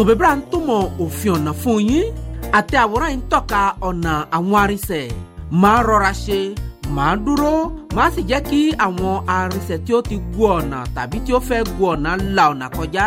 sòbébìrà ń túmọ̀ òfin ọ̀nà fún yín àti àwòrán yìí ń tọ́ka ọ̀nà àwọn arinṣẹ̀ máa rọra ṣe máa dúró máa sì jẹ́ kí àwọn arinṣẹ̀ tí ó ti gu ọ̀nà tàbí tí ó fẹ́ gu ọ̀nà la ọ̀nà kọjá.